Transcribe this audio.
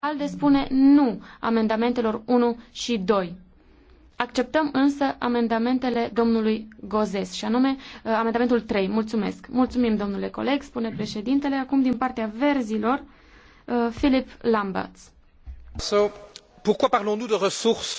ALDE spune nu amendamentelor 1 și 2. Acceptăm însă amendamentele domnului Gozes, și anume uh, amendamentul 3. Mulțumesc. Mulțumim, domnule coleg, spune președintele. Acum, din partea verzilor, uh, Philip Lamberts. So, pourquoi parlons-nous de ressources?